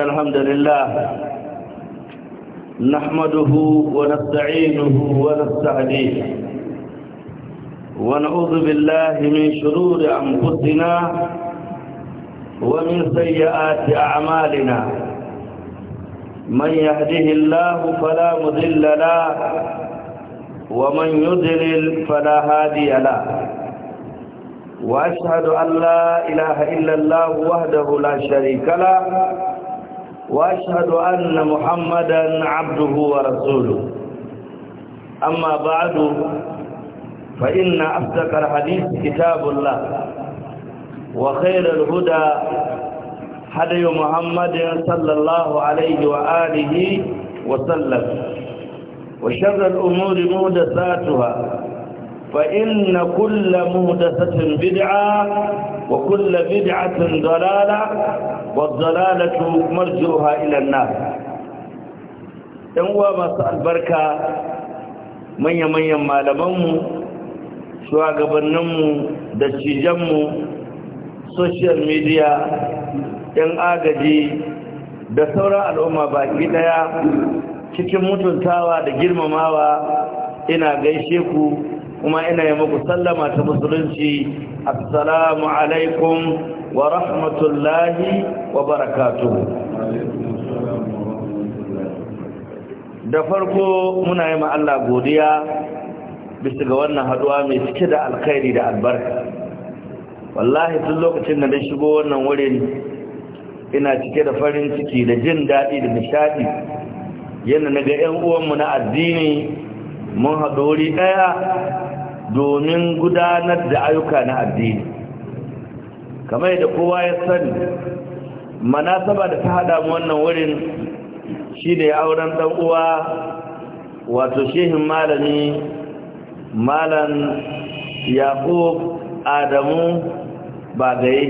إن الحمد لله نحمده ونستعينه ونستهديه ونعوذ بالله من شرور أنفسنا ومن سيئات أعمالنا من يهده الله فلا مذل له ومن يذلل فلا هادي له وأشهد أن لا إله إلا الله وحده لا شريك له وأشهد أن محمدا عبده ورسوله أما بعد فإن أصدق الحديث كتاب الله وخير الهدى هدي محمد صلى الله عليه وآله وسلم وشر الأمور مهدساتها فإن كل مهدسة بدعة وكل بدعة ضلالة والضلالة مرجعها إلى النار ينوى مساء البركة من يمن يمال منه شواء قبنمه دشجمه sosiyal midiya, ɗan agaji da sauran al'umma baki ɗaya cikin mutuntawa da girmamawa ina gaishe ku kuma ina yi muku sallama ta musulunci assalamu alaikum wa rahmatullahi wa barakatu da farko muna yi ma'alla godiya bisa ga wannan haduwa mai cike da alkhairi da albarka wallahi tun lokacin da na shigo wannan wurin ina cike da farin ciki da jin daɗi da nishaɗi yana na ga 'yan uwanmu na addini mun haɗu wuri ɗaya domin gudanar da ayyuka na addini kamar da kowa ya sani manasaba da ta hada mu wannan wurin shine auren dan uwa wato shehin malami malam yaqub adamu ba-gai.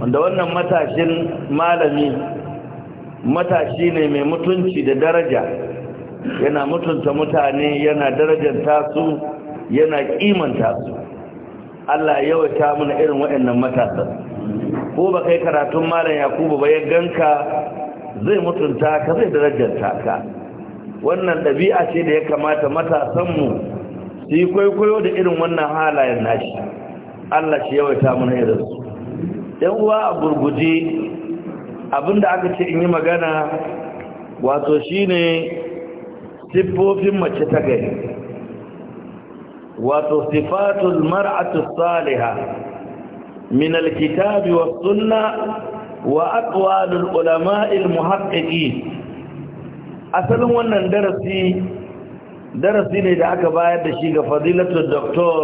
wanda wannan matashin malami matashi ne mai mutunci da daraja yana mutunta mutane yana darajar tasu yana kimanta su Allah ya yawaita mana irin waɗannan matasa ko ba kai karatun malam Yakubu ba ya ganka zai mutunta ka zai darajarta ka wannan ɗabi'a ce da ya kamata matasanmu su yi kwaikwayo da irin wannan halayen nashi Allah shi yawaita mana irin su ɗan uwa a gurguje abinda aka ce in yi magana wato shine siffofin mace ta gari wato sifatul mar'atu salihah min kitabi wa sunna wa aqwalul ulama'il muhaqqiqin asalin wannan darasi darasi ne da aka bayar da shi ga fadilatul doktor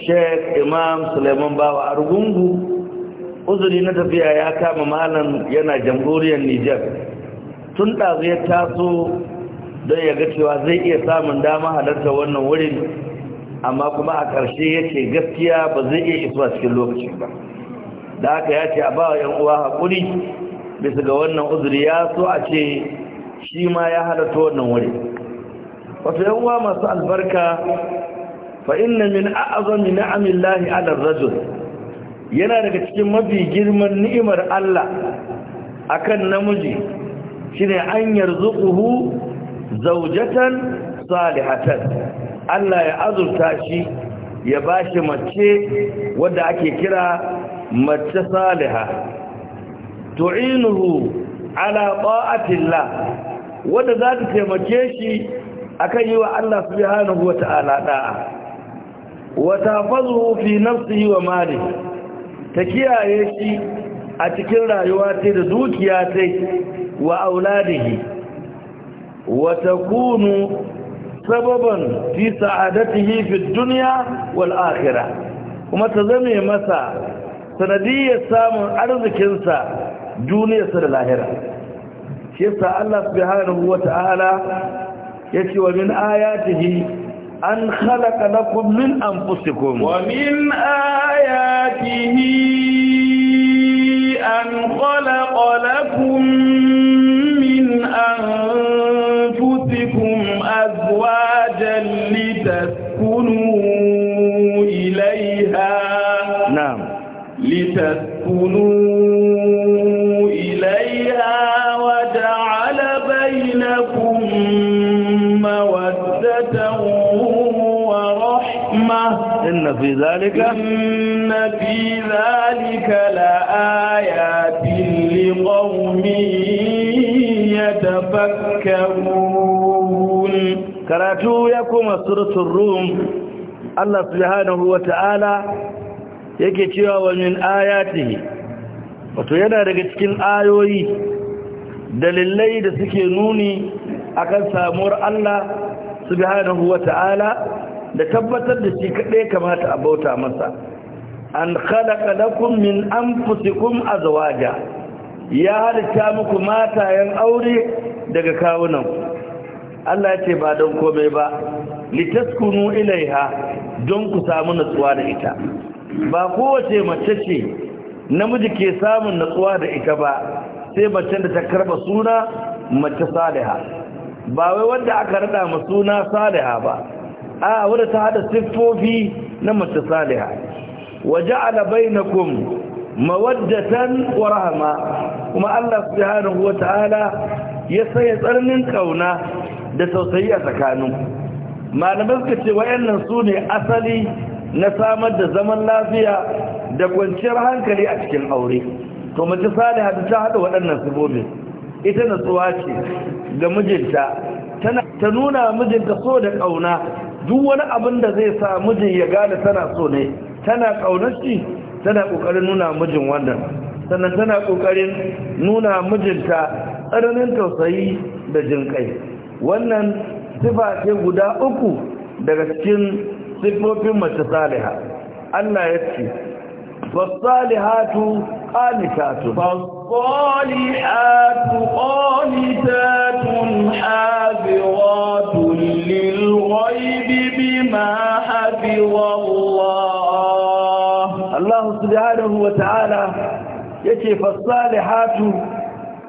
sheikh imam suleiman bawa argungu uzuri na tafiya ya kama malam yana jamhuriyar niger tun ɗazu ya taso don ya ga cewa zai iya samun dama halarta wannan wurin amma kuma a ƙarshe ya ce gaskiya ba zai iya isuwa cikin lokacin ba da haka ya ce a ba wa 'yan uwa haƙuri bisa ga wannan uzuri ya so a ce shi ma ya halatta wannan wuri wasu 'yan uwa masu albarka fa inna min a'azami na'amin lahi ala rajul yana daga cikin mafi girman ni'imar Allah akan namiji shine an yarzuquhu zawjatan salihatan Allah ya azurta shi ya ba shi mace wadda ake kira mace saliha tu'inuhu ala ta'atillah wadda za ta taimake shi akan yi wa Allah subhanahu wa ta'ala da'a wa tahfazuhu fi nafsihi wa ta kiyaye shi a cikin rayuwa ta da dukiya ta wa auladihi wa takunu sababan fi sa'adatihi fi duniya wal akhirah kuma ta zame masa sanadiyar samun arzikinsa duniyarsa da lahira shi yasa Allah subhanahu wata'ala yace wa min ayatihi أن خلق لكم من أنفسكم ومن آياته ذلك إن في ذلك لآيات لقوم يتفكرون كراتو يكم سورة الروم الله سبحانه وتعالى yake cewa wa min ayatihi wato yana daga cikin ayoyi dalilai da suke nuni akan samuwar Allah subhanahu da tabbatar da shi kaɗai kamata a bauta masa an khalaka lakum min anfusikum azwaja ya halitta muku matayen aure daga kawunan Allah ya ce ba don komai ba litaskunu ilaiha don ku samu natsuwa da ita ba kowace mace ce namiji ke samun natsuwa da ita ba sai mace da ta karba suna mace saliha ba wai wanda aka rada ma suna saliha ba a wadda ta hada siffofi na mace saliha wa ja'ala bainakum mawaddatan wa rahma kuma Allah subhanahu wa ya sanya tsarnin kauna da tausayi a tsakanin malamai suka ce wayannan su ne asali na samar da zaman lafiya da kwanciyar hankali a cikin aure to mace saliha ta hada waɗannan sabobi ita natsuwa ce ga mijinta ta nuna mijinta so da kauna duk wani abin da zai sa mijin ya gane tana so ne tana ƙaunarci, shi tana ƙoƙarin nuna mijin wannan sannan tana ƙoƙarin nuna mijinta tsananin tausayi da jinƙai wannan sifa ce guda uku daga cikin siffofin mace saliha Allah ya ce fasalihatu qanitatun fasalihatu qanitatun Allah subhanahu wa ta’ala yake ce fassali hatu,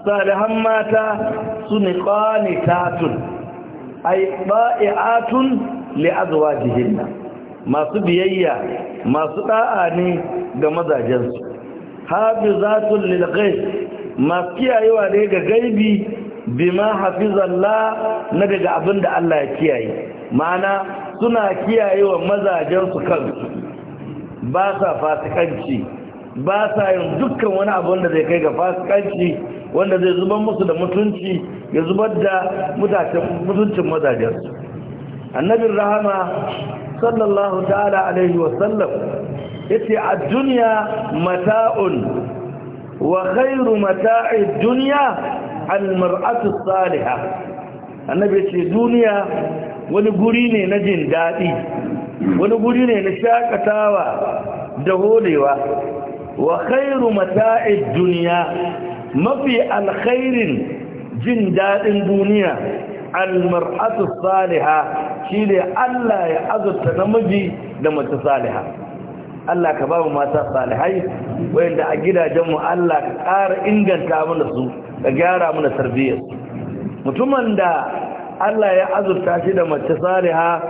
salihan mata su ni ƙwani tatun, a yi ɓa’i masu biyayya, masu ɗa’a ne ga mazajensu. Haɓi za su lilgai, masu kiyayewa ne ga gaibi, bima ma hafizan la na daga abinda Allah ya kiyaye, ma'ana suna kiyaye wa mazajensu kansu ba sa fasikanci ba sa yin dukkan wani abu wanda zai kai ga fasikanci wanda zai zubar musu da mutunci ya zubar da mutuncin mazajensu annabin rahama sallallahu ta'ala alaihi wasallam ya ce a duniya mata'un wa khairu mata'i duniya al-mar'atu salihah annabi ce duniya wani guri ne na jin daɗi wani guri ne na shakatawa da holewa wa khairu mata'id duniya mafi alkhairin jin daɗin duniya almar'atu saliha shine Allah ya azurta namiji da mace saliha Allah ka ba mu mata salihai wayanda a gidajenmu Allah ka ƙara inganta mana su ka gyara mana tarbiyyar mutumin da Allah ya azurta shi da mace saliha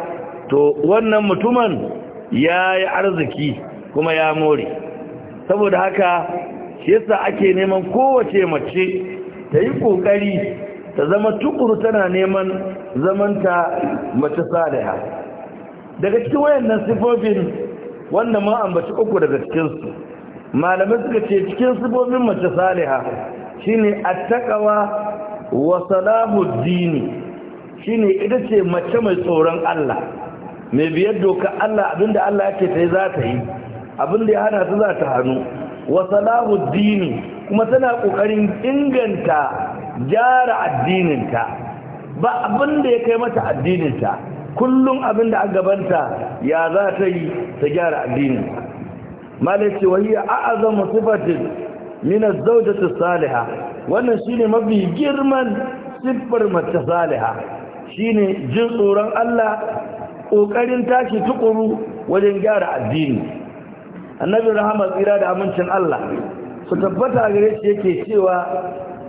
to wannan mutumin ya yi arziki kuma ya more saboda haka shi yasa ake neman kowace mace ta yi ƙoƙari ta zama tukuru tana neman zamanta mace saliha daga cikin wayannan sifofin wanda ma ambaci uku daga cikinsu malamai suka ce cikin sifofin mace saliha shine attaqwa wa salahu dini shine ita ce mace mai tsoron Allah mai biyar doka Allah abinda Allah yake ta yi za ta yi abinda ya hana su za ta hannu wa salahu dini kuma tana kokarin inganta gyara addininta ba abinda ya kai mata addininta kullum abinda a gabanta ya za ta yi ta gyara addinin malai ce wa hiya a'azamu sifatin min az-zawjati salihah wannan shine mafi girman siffar mace Saliha. Shi ne jin tsoron Allah ƙoƙarin tashi tukuru wajen gyara addini annabi rahama tsira da amincin Allah su tabbata gare shi yake cewa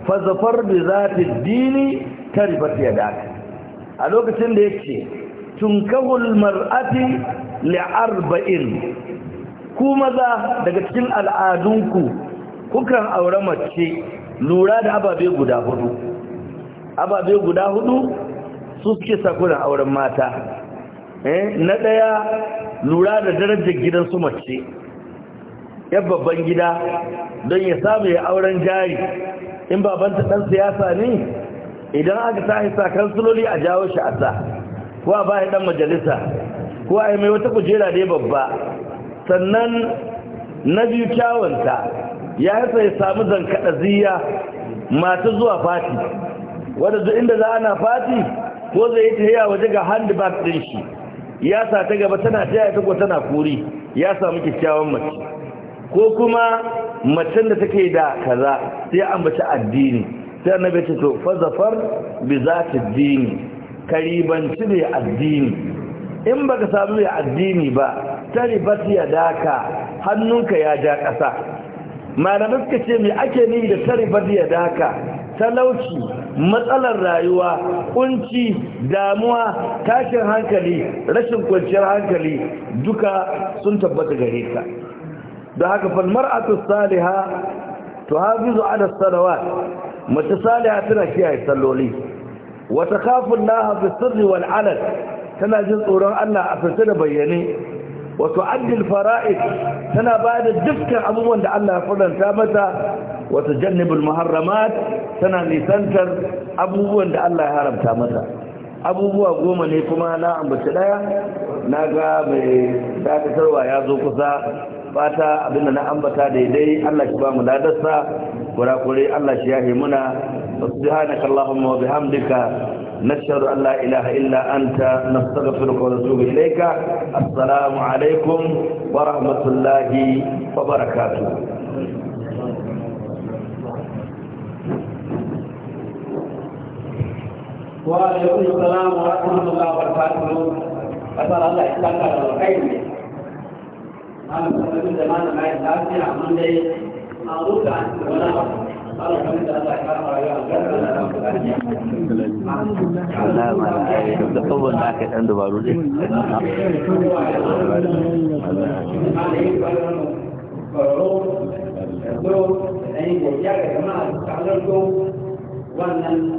fazafar za ta dini ya daga a lokacin da yake tunkahul mar'ati li'arba'in ku maza daga cikin al'adunku kukan aure mace lura da ababe guda hudu ababe guda hudu su suke sakunan auren mata eh, na ɗaya lura da darajar gidan su mace ya babban gida don ya samu ya auren jari in babanta ɗan siyasa ne idan aka tashi sakar suloli a jawo shi a sa ko a baya ɗan majalisa ko a mai wata kujera dai babba sannan na biyu kyawunta ya hasa ya samu zankaɗa ziyya mata zuwa fati wadda duk inda za ana fati ko zai yi a waje ga handbag ɗin shi ya sa ta gaba tana taya ta tana kuri ya samu kyakkyawan mace ko kuma macen da take da kaza sai an bace addini sai annabi ce to fa zafar bi zati dini karibanci ne addini in baka samu ya addini ba taribat ya daka hannunka ya ja ƙasa malamai suka ce me ake ni da taribat ya daka talauci matsalar rayuwa kunci damuwa tashin hankali rashin kwanciyar hankali duka sun tabbata gare ka da haka falmar atus saliha to hafizu ala salawat mace saliha tana kiyaye salloli wa takhafu Allah fi sirri wal alal tana jin tsoron Allah a fice da bayyane wa tu'addi al fara'id tana bada dukkan abubuwan da Allah ya faranta mata wata jannibul muharramat tana nisantar abubuwan da Allah ya haramta mata abubuwa goma ne kuma na ambaci daya na ga mai dakatarwa ya zo kusa fata abinda na ambata daidai Allah shi ba mu ladarsa kurakure Allah shi yahe muna subhanaka allahumma wa bihamdika nashhadu an la ilaha illa anta nastaghfiruka wa natubu ilayka assalamu alaikum wa rahmatullahi wa barakatuh وعليكم السلام ورحمة الله وبركاته أسأل الله إسلامك على الخير أنا مسلم زمان ما يتعافي عمل لي أعوذ عن ولا Allah ma da ayi da kawon da aka dan dabaru ne wannan